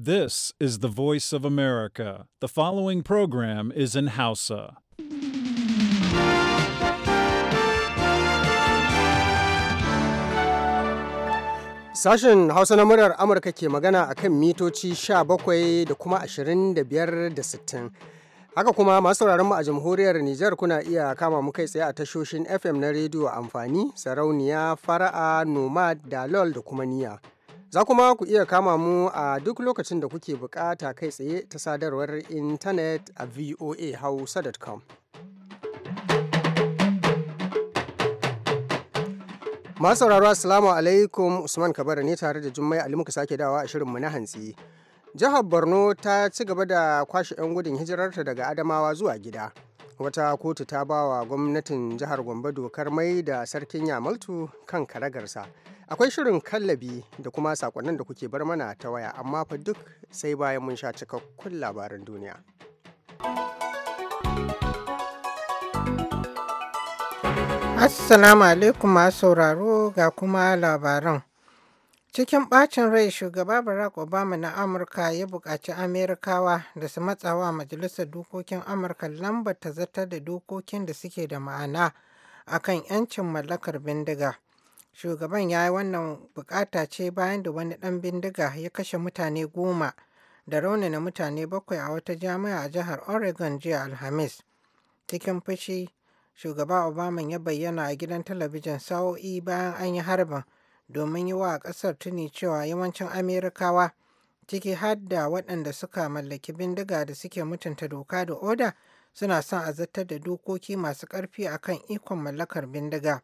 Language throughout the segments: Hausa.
This is the voice of America. The following program is in Hausa. Sashen Hausa na murar Amurka ke magana a kan mitoci 17 da kuma 25 da sittin Haka kuma masu mu a jamhuriyar Nijar kuna iya kama mu kai tsaye a tashoshin FM na rediyo amfani, sarauniya, fara'a, nomad, dalol da kuma niya. Za kuma ku iya kama mu a duk lokacin da kuke bukata kai tsaye ta sadarwar intanet a voahausa.com. Masu sauraro Assalamu alaikum Usman Kabara ne tare da Jummai Ali muka sake dawa a shirinmu na hantsi. Jihar Borno ta ci gaba da kwashe 'yan gudun hijirarta daga Adamawa zuwa gida. wata kotu ta ba wa gwamnatin jihar gombe dokar mai da sarkin yamaltu kan karagarsa akwai shirin kallabi da kuma sakonnin da kuke bar mana ta waya amma fa duk sai bayan mun sha cikakkun labaran duniya assalamu alaikum masu sauraro ga kuma labaran Cikin ɓacin rai shugaba Barack Obama na Amurka ya buƙaci Amerikawa da su matsawa Majalisar Dokokin Amurka lambar ta zartar da dokokin da suke da ma'ana a kan 'yancin mallakar bindiga. Shugaban ya yi wannan bukata ce bayan da wani ɗan bindiga ya kashe mutane goma da raunana mutane bakwai a wata jami'a a jihar Oregon jiya Alhamis. Cikin fushi, shugaba Obama ya bayyana a gidan talabijin sa'o'i bayan an yi harbin. domin yi wa ƙasar tuni cewa yawancin Amerikawa ciki har waɗanda suka mallaki bindiga da suke mutunta doka da oda suna son a zartar da dokoki masu ƙarfi akan ikon mallakar bindiga.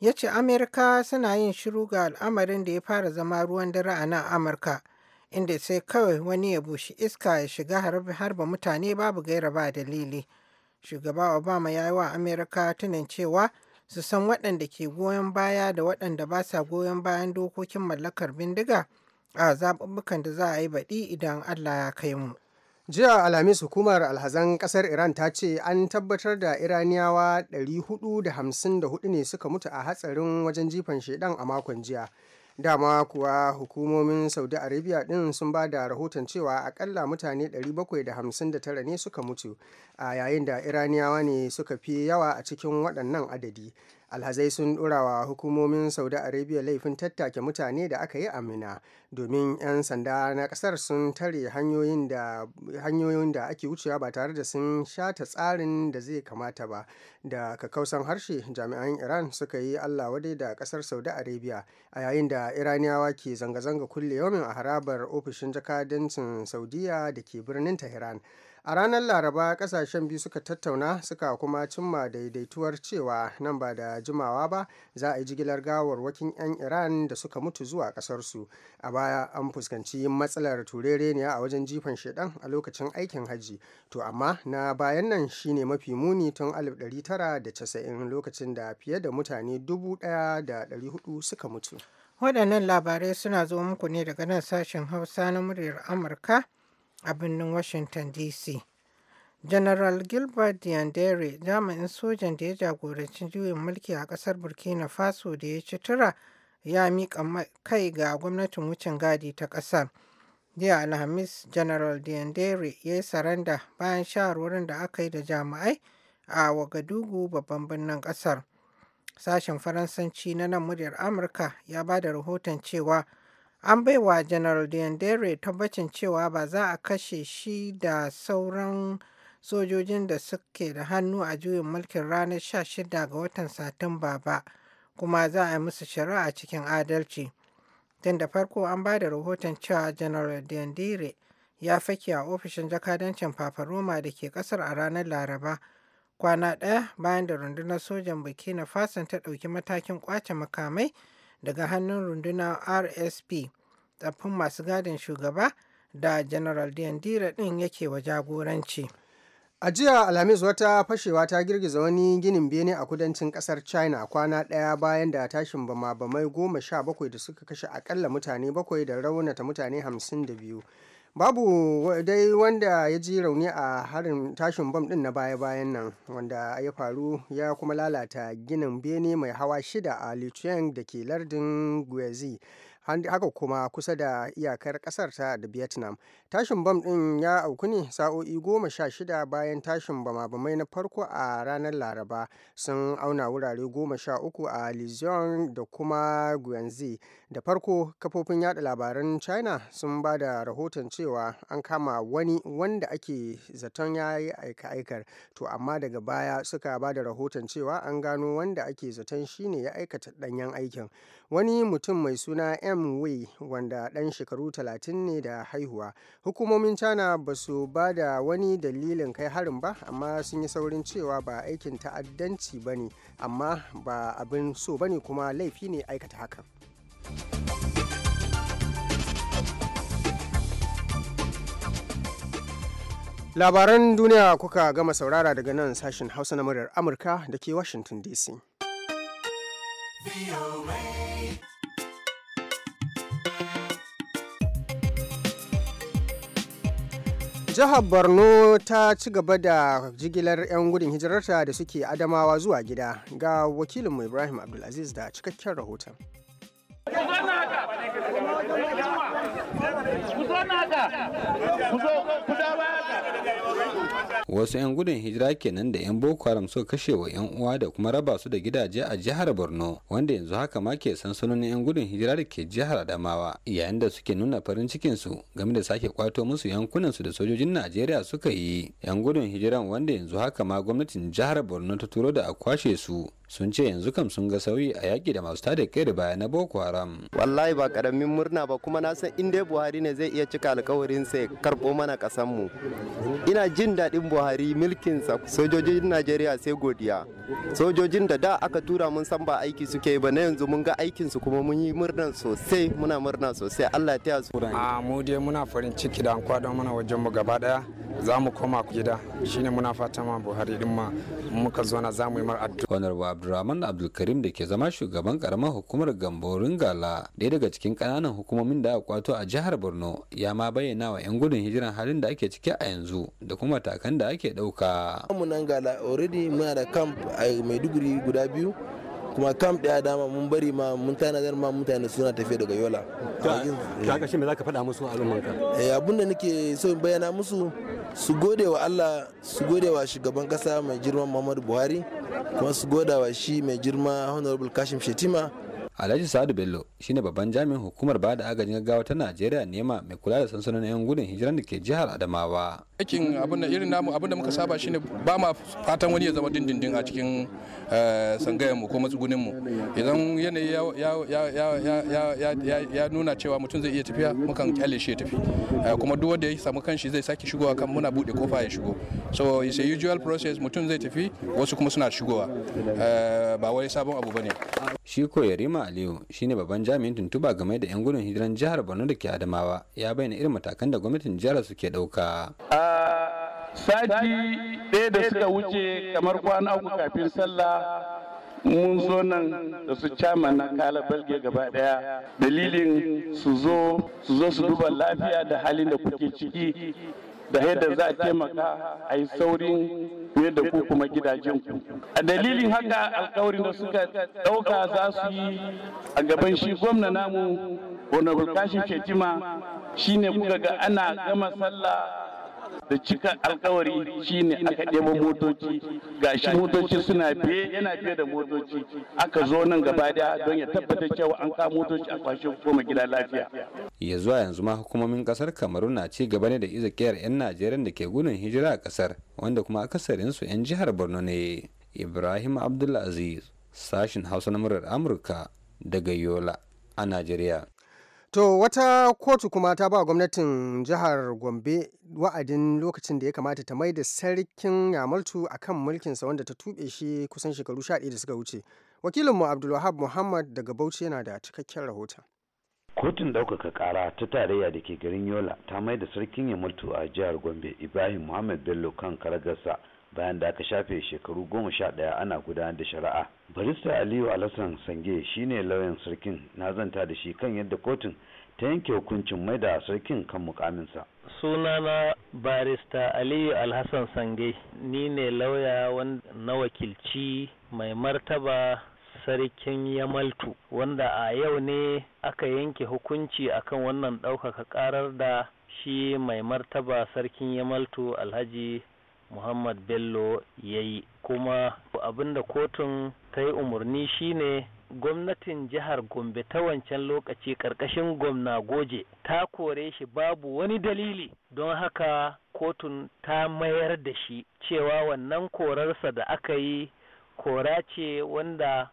Ya ce Amerika suna yin shiru ga al'amarin da ya fara zama ruwan dare a nan Amurka, inda sai kawai wani ya bushi iska ya shiga harba mutane babu gaira ba dalili. Shugaba Obama ya yi wa Amerika tunin cewa su san waɗanda ke goyon baya da waɗanda ba sa goyon bayan dokokin mallakar bindiga a zaɓuɓɓukan da za a yi baɗi idan Allah ya kai mu. jiya alhamis hukumar alhazan ƙasar iran ta ce an tabbatar da iraniyawa 454 ne suka mutu a hatsarin wajen jifan shaidan a makon jiya dama kuwa hukumomin saudi arabia din sun ba da rahoton cewa akalla mutane 759 ne suka mutu a yayin da iraniyawa ne suka fi yawa a cikin waɗannan adadi alhazai sun wa hukumomin saudi arabia laifin tattake mutane da aka yi amina domin 'yan sanda na ƙasar sun tare hanyoyin da ake wucewa ba tare da sun shata tsarin da zai kamata ba da kakausan harshe jami'an iran suka yi allah wadai da ƙasar saudi arabia a yayin da iraniyawa ke zanga-zanga kulle yomin a harabar ofishin jakadancin saudiya da ke birnin tehran a ranar laraba kasashen biyu suka tattauna suka kuma cimma daidaituwar cewa nan ba da jimawa ba za a yi jigilar gawarwakin 'yan iran da suka mutu zuwa kasarsu a baya an fuskanci matsalar turereniya a wajen jifan shedan a lokacin aikin hajji to amma na bayan nan shine mafi muni tun 1990 lokacin da fiye da mutane 1,400 suka mutu waɗannan labarai suna zo muku ne daga nan sashen hausa na muryar amurka a birnin Washington DC. General Gilbert Diandere jami'in sojan da ya jagoranci juyin mulki a ƙasar Burkina Faso da ya ci tura ya miƙa kai ga gwamnatin wucin gadi ta ƙasar. Jiya Alhamis General Diandere ya yi saranda bayan shawarwarin da aka yi da jami'ai a Wagadugu babban birnin ƙasar. Sashen Faransanci na nan muryar Amurka ya ba da rahoton cewa An bai baiwa general Diendere tabbacin cewa ba za a kashe shi da sauran sojojin da suke da hannu a juyin mulkin ranar 16 ga watan Satumba ba, kuma za a yi musu shari'a cikin adalci. Tun da farko an ba da rahoton cewa general Diendere ya fake a ofishin jakadancin Fafaroma da ke kasar a ranar Laraba. Kwana ɗaya bayan da rundunar sojan Burkina Faso ta ɗauki matakin ƙwace makamai daga hannun rundunar rsp tsaffin masu gadin shugaba da general diandira din yake wa jagoranci a jiya alhamis wata fashewa ta girgiza wani ginin bene a kudancin kasar china kwana daya bayan da tashin bama-bamai goma sha bakwai da suka kashe akalla mutane bakwai da raunata mutane hamsin da biyu babu dai wanda ya ji rauni a harin tashin bom din na baya-bayan nan wanda ya faru ya kuma lalata ginin bene mai hawa shida a licheng da ke lardin guezi haka kuma kusa da iyakar kasar ta da vietnam tashin bam din ya auku ne sa'o'i goma sha shida bayan tashin bama-bamai na farko a ranar laraba sun auna wurare goma sha uku a lijiyon da kuma guanzi da farko kafofin yada labaran china sun ba da rahoton cewa an kama wani wanda ake zaton ya yi aika-aikar to amma daga baya suka ba da rahoton cewa an gano wanda ake zaton shine ya aikata danyen aikin wani mutum mai suna m way wanda ɗan shekaru 30 ne da haihuwa hukumomin china ba su ba da wani dalilin kai harin ba amma sun yi saurin cewa ba aikin ta'addanci ba ne amma ba abin so ba ne kuma laifi ne aikata haka. labaran duniya kuka gama saurara daga nan sashen hausa na muryar amurka da ke washington dc VOA. Jihar Borno ta ci gaba da jigilar 'yan gudun hijirarta da suke Adamawa zuwa gida ga wakilinmu Ibrahim Abdulaziz da cikakken rahoton. ku zo na haka ku zo ku da baya wasu 'yan gudun hijira kenan da 'yan boko haram suka kashe wa 'yan uwa da kuma raba su da gidaje a jihar borno wanda yanzu haka ma ke sansanonin 'yan gudun hijira da ke jihar adamawa yayin da suke nuna farin cikin su game da sake kwato musu yankunan su da sojojin najeriya suka yi 'yan gudun hijiran wanda yanzu haka ma gwamnatin jihar borno ta turo da a kwashe su sun ce yanzu kam sun ga sauyi a yaƙi da masu tada kai baya na boko haram wallahi ba karamin murna ba kuma na san inda buhari ne zai iya cika alkawarin sai karbo mana kasan mu ina jin daɗin buhari sa sojojin najeriya sai godiya sojojin da da aka tura mun san ba aiki suke ba na yanzu mun ga aikin su kuma mun yi murna sosai muna murna sosai allah ta su a mu dai muna farin ciki da an kwado mana wajen mu gaba daya za mu koma gida shine muna fata ma buhari din ma muka zo na za mu yi mar abdulrahman abdulkarim da ke zama shugaban karamar hukumar gamborin gala ɗaya daga cikin ƙananan hukumomin da aka kwato a jihar borno ya ma bayyana wa 'yan gudun hijiran halin da ake ciki a yanzu da kuma matakan da ake ɗauka. mu nan gala already muna da camp a maiduguri guda biyu kuma camp ɗaya dama mun bari ma mun tanadar ma mutane suna tafiya daga yola. ka shi me za ka faɗa musu al'ummanka. Eh, abun da nake so in bayyana musu su gode wa allah su gode wa shugaban ƙasa mai girman muhammadu buhari kuma su wa shi mai girma honorable kashim shetima alhaji sa'adu bello shine babban jami'in hukumar ba da agajin gaggawa ta najeriya nema mai kula da sansanonin yan gudun hijiran da ke jihar adamawa aikin abin da irin namu abin da muka saba shine ba ma fatan wani ya zama dindindin a cikin eh, sangayen mu ko matsugunin mu idan yanayi ya nuna cewa mutum zai iya tafiya mukan kyale shi ya tafi eh, kuma duk wanda ya samu kanshi zai sake shigowa kan muna bude kofa ya shigo so it's a usual process mutum zai tafi wasu kuma suna shigowa eh, ba wai sabon abu bane shi ko yarima aliyu shine babban jami'in tuntuba game da 'yan gudun hijiran jihar borno da ke adamawa ya bayyana irin matakan da gwamnatin jihar su ke ɗauka. sati ɗaya da suka wuce kamar kwana uku kafin sallah mun zo nan da su cama na kala balge gaba daya dalilin su zo su duba lafiya da halin da kuke ciki da yadda za a taimaka a yi saurin fiye da ku kuma gidajenku. A dalilin haka alkawarin da suka ɗauka za su yi a gaban shi gwamna namu Honorable Kashi shine kuka ga ana gama sallah da cika alkawari shine aka ɗebo motoci gashi motoci suna biye yana fiye da motoci aka zo nan gaba daya don ya tabbatar cewa an kawo motoci a kwashe goma gida lafiya ya zuwa yanzu ma hukumomin kasar kamaru na ci gaba ne da kiyar 'yan najeriya da ke gudun hijira a kasar wanda kuma akasarin su 'yan jihar borno ne ibrahim abdulaziz sashin hausa na murar amurka daga yola a najeriya To wata kotu kuma ta ba gwamnatin jihar Gombe wa'adin lokacin da ya kamata ta mai da sarkin Yamaltu a kan mulkinsa wanda ta tuɓe shi kusan shekaru sha da suka wuce. Wakilinmu Abdulwahab Muhammad daga Bauchi yana da cikakken rahoton. kotun ɗaukaka ƙara ta tarayya da ke garin yola ta mai da sarkin yamaltu a jihar gombe ibrahim muhammad bello kan karagarsa bayan da aka shafe shekaru goma sha ɗaya ana gudanar da shari'a barista aliyu alhassan sange shine lauyan sarkin na zanta da shi kan yadda kotun ta yanke hukuncin mai da sarkin kan mukaminsa sunana barista aliyu alhassan sange ni ne lauya na wakilci mai martaba sarkin yamaltu wanda a yau ne aka yanke hukunci akan wannan ɗaukaka karar da shi mai martaba sarkin yamaltu alhaji muhammad bello ya yi kuma abinda kotun ta yi umarni shine gwamnatin jihar gombe ta wancan lokaci karkashin gwamna goje ta kore shi babu wani dalili don haka kotun ta mayar da shi cewa wannan korarsa da aka yi kora ce wanda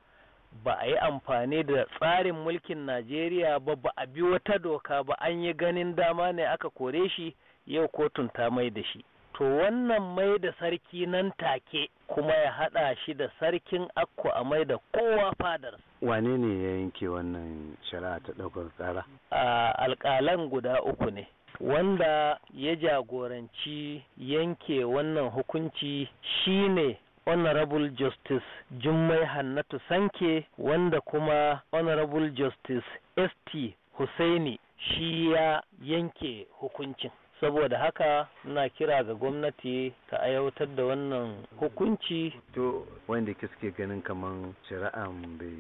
ba a yi amfani da tsarin mulkin najeriya ba ba a bi wata doka ba an yi ganin dama ne aka kore shi yau kotun ta mai da shi to wannan mai da sarki nan take kuma ya haɗa shi da sarkin akko a mai da kowa fadar wane ne ya yanke wannan shari'a ta ɗaukar tsara a alƙalan guda uku ne wanda ya jagoranci yanke wannan hukunci shine honorable justice jummai hannatu sanke wanda kuma honorable justice st Hussaini shi ya yanke hukuncin saboda haka muna kira ga gwamnati ta aiwatar da wannan hukunci to wanda ke suke ganin kamar shari'an bai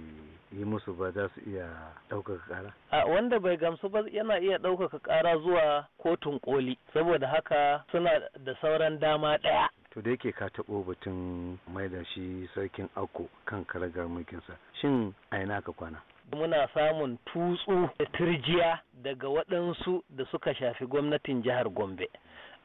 yi musu ba za su iya ɗaukaka ƙara a wanda bai gamsu ba yana iya ɗaukaka ƙara zuwa kotun koli saboda haka suna da sauran dama ɗaya to da yake ka taɓo batun mai da shi sarkin akko kan karagar mulkinsa shin a ina ka kwana muna samun tutsu da turjiya daga waɗansu da suka shafi gwamnatin jihar Gombe.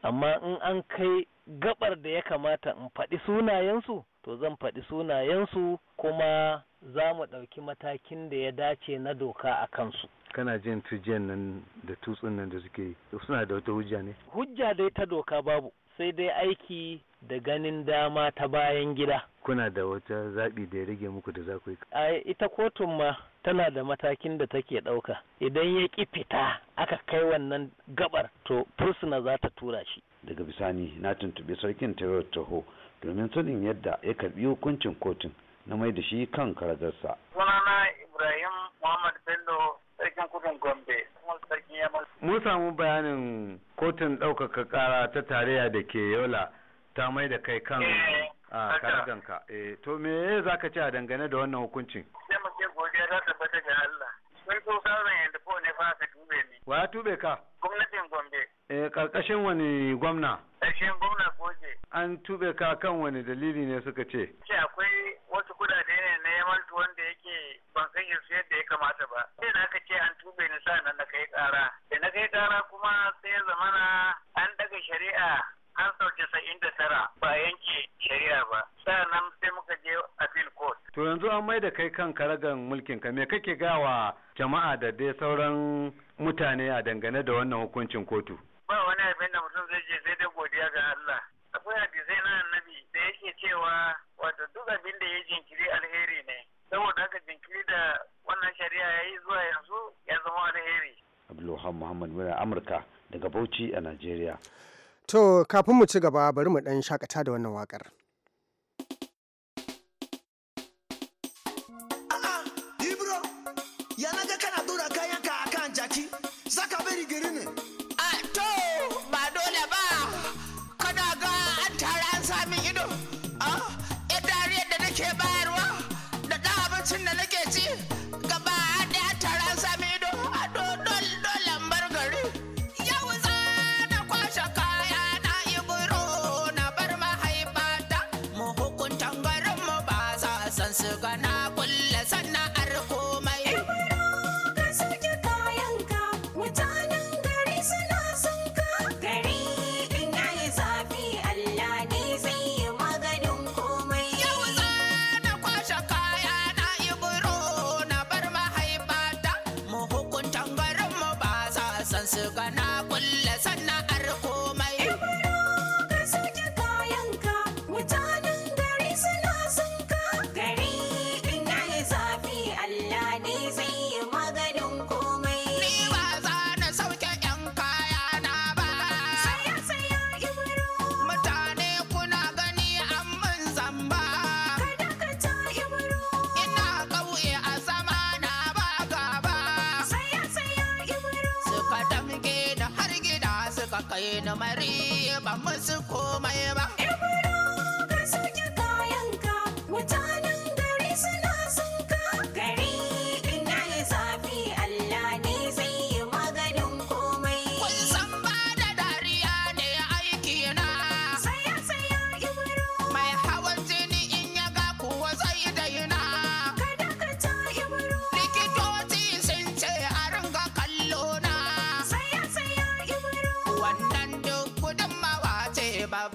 Amma in an kai gabar da ya kamata in faɗi sunayensu, to zan faɗi sunayensu kuma za mu ɗauki matakin da ya dace na doka a kansu. Kana jin turjiyan nan da tutsun nan da suke suna da wata hujja ne? Hujja dai ta doka babu, sai dai aiki da ganin dama ta bayan gida. Kuna da wata zaɓi da ya rage muku da za ku yi? Ita kotun ma tana da matakin da take ɗauka idan ya ƙi fita aka kai wannan gabar to fursuna za ta tura shi daga bisani na tuntuɓi sarkin tarayyar taho domin sanin yadda ya karɓi hukuncin kotun na mai da shi kan karagarsa sunana ibrahim muhammad bello sarkin kudin gombe sarkin mun samu bayanin kotun ɗaukaka ƙara ta tarayya da ke yola ta mai da kai kan eh, karaganka eh, to me za ka ce a dangane da wannan hukuncin wa ya tube ka gwamnatin gombe eh karkashin wani gwamna Karkashin gwamna goje an tube ka kan wani dalili ne suka ce ce akwai wasu kudade ne na yamaltu wanda yake ban san su yadda ya kamata ba sai na aka ce an tube ni sa na kai kara da na kai kara kuma sai zamana an daga shari'a an sauke casa'in da tara ba yanke shari'a ba nan sai muka je appeal court. to yanzu an mai da kai kan karagan mulkin ka me kake gawa jama'a da dai sauran mutane a dangane da wannan hukuncin kotu? Ba wani abin da mutum zai je sai dai godiya ga Allah. Akwai hadisai na annabi da yake cewa wato duk abin da ya jinkiri alheri ne. Saboda haka jinkiri da wannan shari'a ya yi zuwa yanzu ya zama alheri. Abdulluhan Muhammad Mura Amurka daga Bauchi a Najeriya. To kafin mu ci gaba bari mu ɗan shakata da wannan waƙar. once you going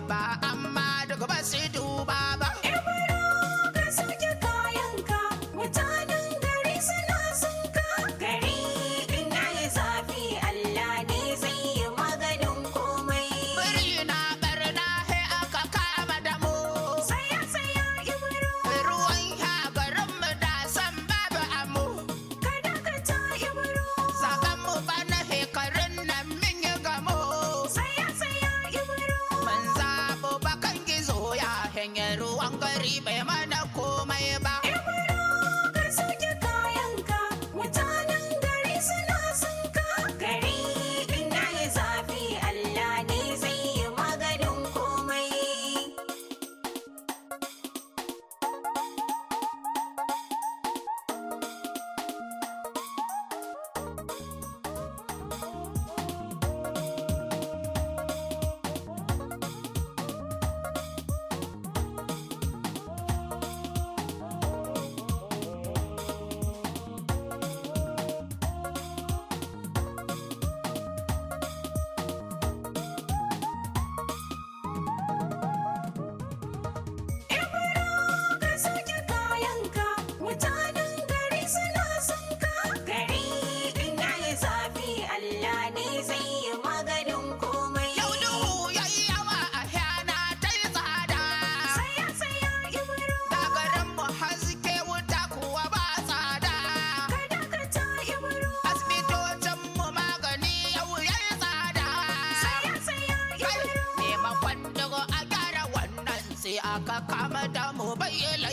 Bye. ka kama da mu bayyana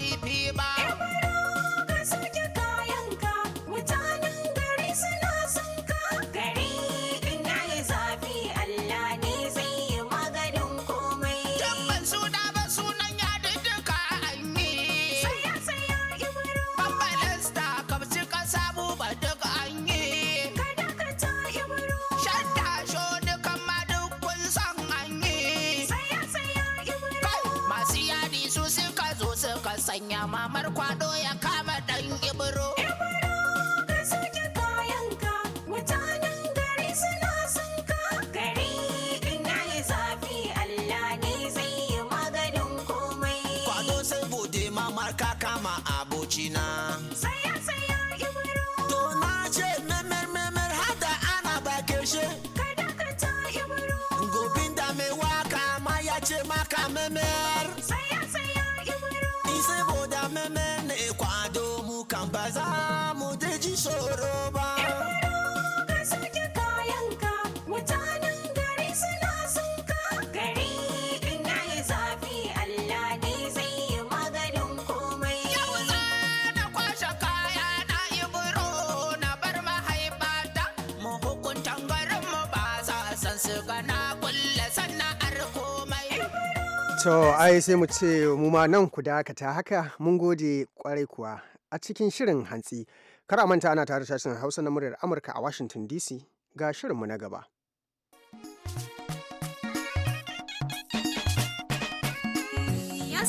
roba ka sauke kayanka mutanen gari suna sunka gari ina ya zafi Allah ne zai yi maganin komai yau za na kwashe kaya na ibro na bar mahaifata mu hukuntan garin mu ba za san su kulle sana'ar komai to ai sai mu ce mu nan ku dakata haka mun gode kwarai kuwa a cikin shirin hantsi Kar a manta ana tare sashen Hausa na muryar Amurka a Washington DC ga shirinmu na gaba. Ya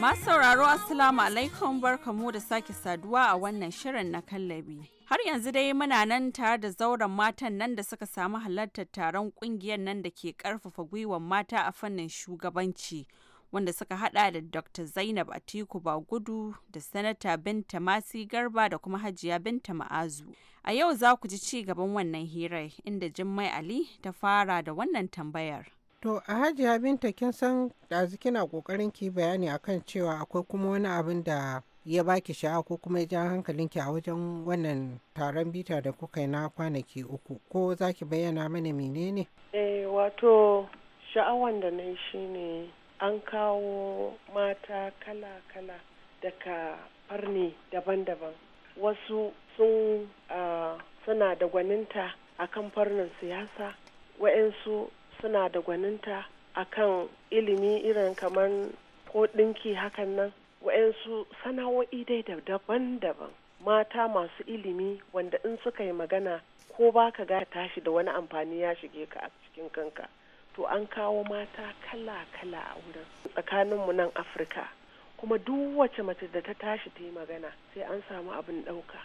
Masu sauraro asalamu alaikum barkamu da sake saduwa a wannan shirin na kallabi. Har yanzu dai muna nan tare da zauren matan nan da suka samu halartar taron kungiyar nan da ke karfafa gwiwar mata a fannin shugabanci wanda suka hada da Dr. Zainab Atiku Bagudu da Sanata Binta Masi Garba da kuma Hajiya Binta Ma'azu. A yau za ku ji ci gaban wannan hirar inda Jummai Ali ta fara da wannan tambayar. To a hajiya binta kin san ɗazu kina ƙoƙarin ki bayani akan cewa akwai kuma wani abin da ya baki sha'awa ko kuma ya ja hankalinki a wajen wannan taron bita da kuka yi na kwanaki uku ko za ki bayyana mana menene? Eh wato sha'awan da na shi ne an kawo mata kala-kala daga farni daban-daban wasu sun ah, suna da gwaninta a kan farnin siyasa wa'insu. suna da gwaninta a kan ilimi irin kamar ko ɗinki hakan nan wa'yansu sana'o'i dai daban-daban mata masu ilimi wanda in suka yi magana ko ba ka ga tashi da wani amfani ya shige ka a cikin kanka to an kawo mata kala-kala a wurin tsakaninmu nan afirka kuma duk wace mace da ta tashi ta yi magana sai an samu abin ɗauka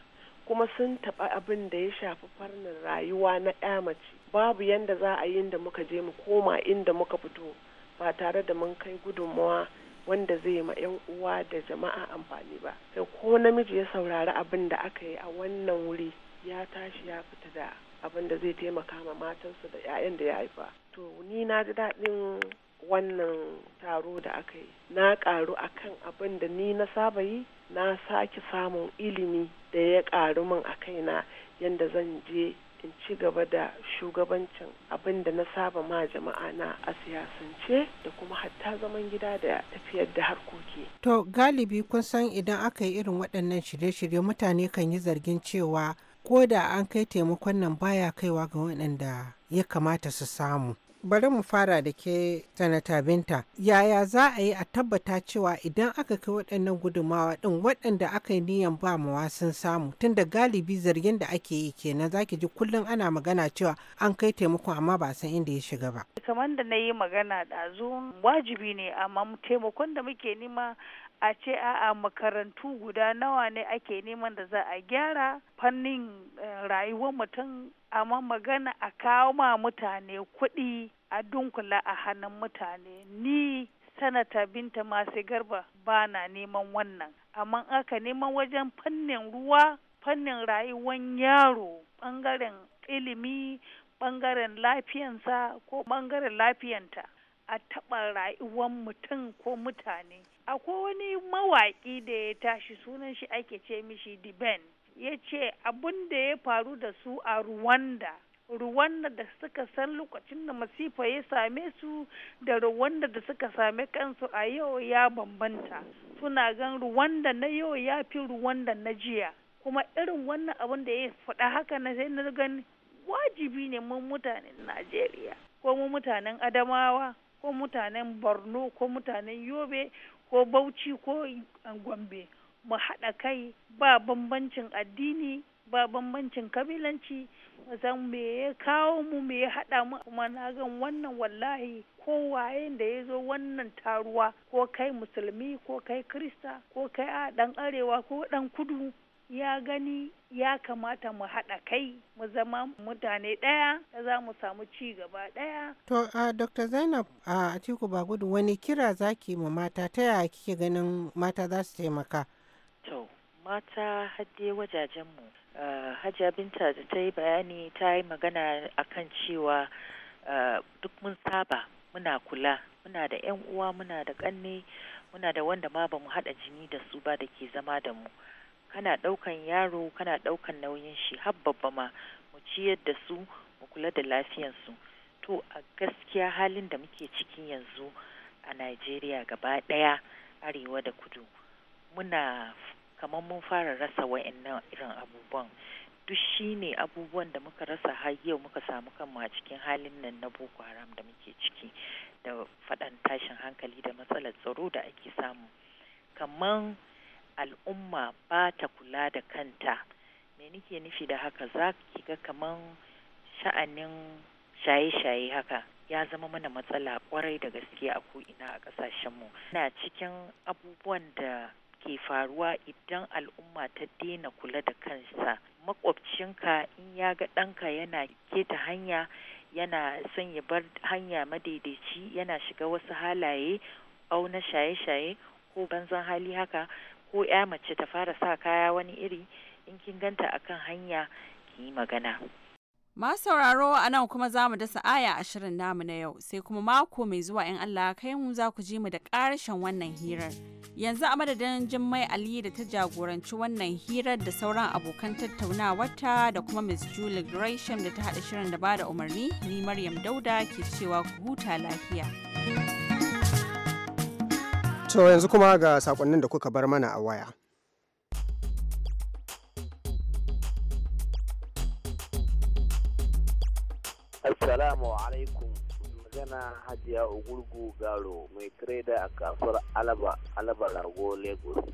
kuma sun taɓa abin da ya shafi farnin rayuwa na ya mace babu yanda za a yi inda muka je mu koma inda muka fito ba tare da mun kai gudunmawa wanda zai ma 'yan uwa da jama'a amfani ba sai ko namiji ya saurari abin da aka yi a wannan wuri ya tashi ya fita da abin da zai taimaka ma matansa da 'ya'yan da ya haifa to ni na ji daɗin wannan taro da aka yi na ƙaru akan abin da ni na saba yi na sake samun ilimi da ya ƙaru min a kaina yadda zan je in ci gaba da shugabancin abin da na saba ma jama'a na a siyasance da kuma hatta zaman gida da tafiyar da harkoki. To galibi kun san idan aka yi irin waɗannan shirye-shirye mutane kan yi zargin cewa ko da an kai taimakon nan baya kaiwa ga waɗanda ya kamata su samu. bari mu fara da ke sanata binta yaya za a yi a tabbata cewa idan aka kai waɗannan gudunmawa ɗin waɗanda aka yi niyan ba mawa sun samu tunda galibi zargin da ake yi kenan zaki ji kullum ana magana cewa an kai taimako amma ba san inda ya shiga ba kamar da na yi magana ɗazu wajibi ne amma taimakon da muke nema a ce a'a makarantu guda nawa ne ake neman da za a gyara fannin eh, rayuwar mutum amma magana a kawo ma mutane kuɗi a dunkula a hannun mutane ni sanata binta masu garba ba na neman wannan amma aka neman wajen fannin ruwa fannin rayuwar yaro ɓangaren ilimi ɓangaren lafiyansa ko ɓangaren lafiyanta a taɓa rayuwar mutum ko mutane akwai wani mawaƙi da ya tashi sunan shi ake ce mishi diben ya ce abin da ya faru da su a ruwanda ruwanda da suka san lokacin da masifa ya same su da ruwanda da suka same kansu a yau ya bambanta suna gan ruwanda na yau ya fi ruwanda na jiya kuma irin wannan abin da ya faɗa haka na sai na gani wajibi ne mun mutanen najeriya ko mutanen adamawa ko mutanen borno ko mutanen yobe ko bauchi ko gombe mu haɗa kai ba bambancin addini ba bambancin kabilanci san me ya kawo mu me ya haɗa mu kuma na gan wannan wallahi ko waye da ya zo wannan taruwa ko kai musulmi ko kai krista ko kai a ɗan arewa ko ɗan kudu ya gani ya kamata mu haɗa kai mu zama mutane ɗaya da za mu samu ci gaba ɗaya. To uh, Dr. Zainab a uh, Atiku Bagudu wani kira za zaki mu mata ta yaya kike ganin mata za su taimaka? To mata hadde wajajenmu uh, Hajiya Binta da ta yi bayani ta yi magana akan cewa uh, duk mun saba muna kula muna da 'yan uwa muna da ƙanne muna da wanda ma ba mu haɗa jini da su ba da ke zama da mu. kana ɗaukan yaro kana ɗaukan nauyin shi har babba ma mu ciyar da su mu kula da su to a gaskiya halin da muke ciki yanzu a najeriya gaba ɗaya arewa da kudu muna kamar mun fara rasa wa'annan irin abubuwan duk shine abubuwan da muka rasa har yau muka samu kanmu a cikin halin nan na boko haram da muke ciki da faɗan tashin hankali da matsalar tsaro da ake samu kamar al'umma ba ta kula da kanta me nike nufi da haka za ki ga kaman sha'anin shaye-shaye haka ya zama mana matsala kwarai da gaske a ko'ina a ƙasashenmu na cikin abubuwan da ke faruwa idan al'umma ta daina kula da kansa makwabcinka in ya ga ɗanka yana keta hanya yana son ya bar hanya madaidaici yana shiga wasu halaye au shaye-shaye ko banzan hali haka ko ya mace ta fara sa kaya wani iri in kin ganta akan hanya ki yi magana Ma sauraro a nan kuma za mu dasa aya a shirin namu na yau sai kuma mako mai zuwa in Allah kai mu za ku ji mu da ƙarashen wannan hirar. Yanzu a madadin Jummai Ali da ta jagoranci wannan hirar da sauran abokan tattaunawarta da kuma Miss Julie Gresham da ta haɗa shirin da ba da umarni, ni Maryam Dauda ke cewa ku huta lafiya. To yanzu kuma ga sakonnin da kuka bar mana a waya. Assalamu alaikum magana Hajiya Ogurgu Garo mai kreda a kasuwar Alaba, Alaba largo Lagos.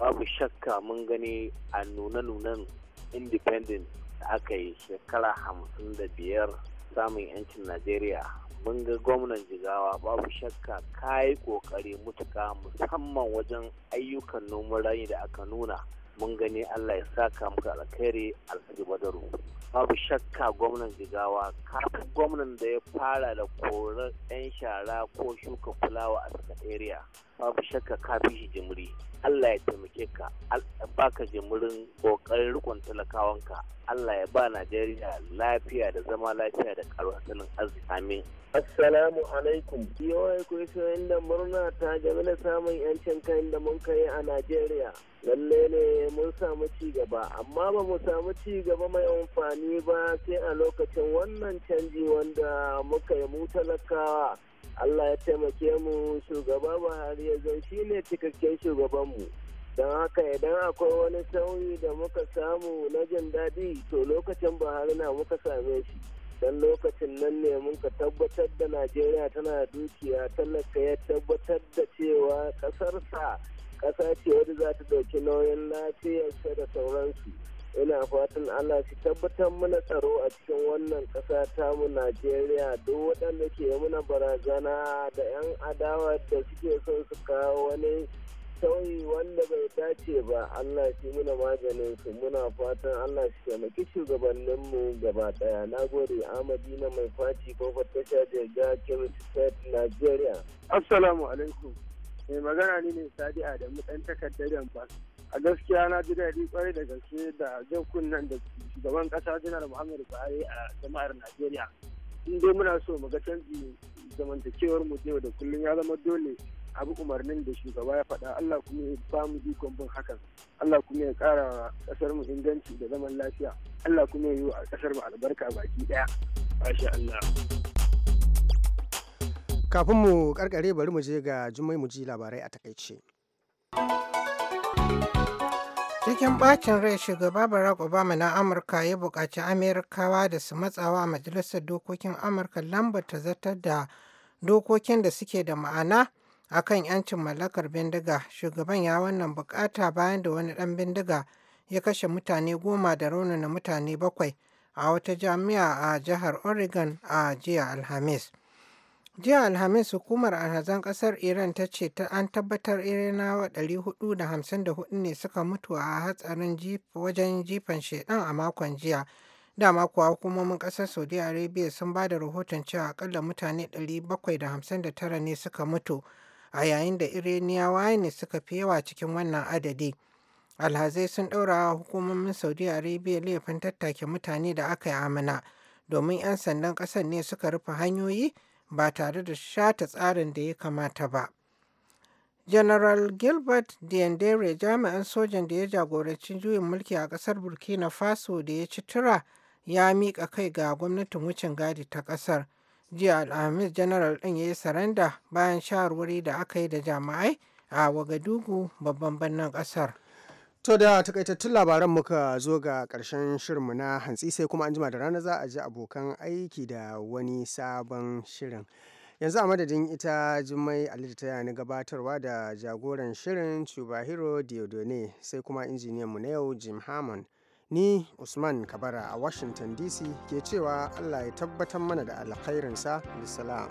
Babu shakka mun gani a nuna-nunan independent da aka yi shekara hamsin da biyar samun 'yancin Najeriya mun ga gwamnan jigawa babu shakka kayi kokari mutuka musamman wajen ayyukan noman rani da aka nuna mun gani allah ya saka muka alkhairi alhaji badaru babu shakka gwamnan jigawa kafin gwamnan da ya fara da korar 'yan shara ko shuka fulawa a area. babu shakka ka fi shi jimri Allah ya taimake ka baka jimirin kokarin rikon talakawanka Allah ya ba Najeriya lafiya da zama lafiya da karuwar sanin arziki amin Assalamu alaikum yawai ku iso da murna ta game da samun yancin kayan da mun kai a Najeriya lalle ne mun samu ci gaba amma ba mu samu ci gaba mai amfani ba sai a lokacin wannan canji wanda muka yi mu talakawa Allah ya taimake mu shugaba Buhari ya zai shi ne cikakken shugabanmu. Don haka idan akwai wani sauyi da muka samu na jin daɗi to lokacin Buhari na muka same shi. Don lokacin nan ne muka tabbatar da Najeriya tana dukiya talaka ya tabbatar da cewa ƙasarsa ƙasa ce wadda za ta ɗauki nauyin lafiyarsa da sauransu. ina fatan allah shi tabbatar mana tsaro a cikin wannan ƙasa tamu najeriya duk waɗanda ke muna barazana da 'yan adawa da suke son su kawo wani sauyi wanda bai dace ba allah shi muna maganin su muna fatan allah shi taimaki shugabanninmu gaba daya na gode amadi na mai faci ko tasha jirga kebbi state nigeria assalamu alaikum mai magana ne mai sadi adamu dan takardar yamma a gaskiya na ji daɗi kwarai da gaske da jan nan da shugaban kasa janar muhammadu buhari a jama'ar najeriya in dai muna so mu ga canji zamantakewar mu yau da kullum ya zama dole a abu umarnin da shugaba ya faɗa Allah kuma ya ba mu ikon bin hakan Allah kuma ya ƙara ƙasar mu inganci da zaman lafiya Allah kuma ya yi a kasar mu albarka baki ɗaya masha Allah kafin mu karkare bari mu je ga jummai mu ji labarai a takaice Mataimakin bacin rai shugaba barack obama na amurka ya buƙaci amerikawa da su matsawa a majalisar dokokin amurka lambar ta zartar da dokokin da suke da ma'ana a kan 'yancin mallakar bindiga shugaban ya wannan bukata bayan da wani ɗan bindiga ya kashe mutane goma da raunana mutane bakwai a wata jami'a a jihar oregon a jiya alhamis jiya alhamis hukumar alhazan kasar iran ta ce an tabbatar irinawa 454 ne suka mutu a hatsarin wajen jifan shedan a makon jiya dama kuwa hukumomin kasar saudi arabia sun ba da rahoton cewa akalla mutane 759 ne suka mutu a yayin da iraniyawa ne suka fi yawa cikin wannan adadi alhazai sun ɗaura hukumomin saudi arabia laifin tattake mutane da aka yi amina domin 'yan sandan ƙasar ne suka rufe hanyoyi ba tare da shata tsarin da ya kamata ba. General Gilbert Diendere jami'an sojan da ya jagoranci juyin mulki a ƙasar Burkina Faso da ya ci tura ya miƙa kai ga gwamnatin wucin gadi ta ƙasar. Jiya Alhamis General ɗin ya yi saranda bayan shawarwari da aka yi da jama'ai a Wagadugu babban birnin ƙasar. To da takaitattun labaran muka zo ga ƙarshen shirinmu na hantsi sai kuma an jima da rana za a ji abokan aiki da wani sabon shirin. Yanzu a madadin ita jimai Ali ta yana gabatarwa da jagoran shirin Chubahiro Diodone sai kuma injiniyan mu na yau Jim Hammond. Ni Usman Kabara a Washington DC ke cewa Allah ya tabbatar mana da alkhairinsa. Bisalam.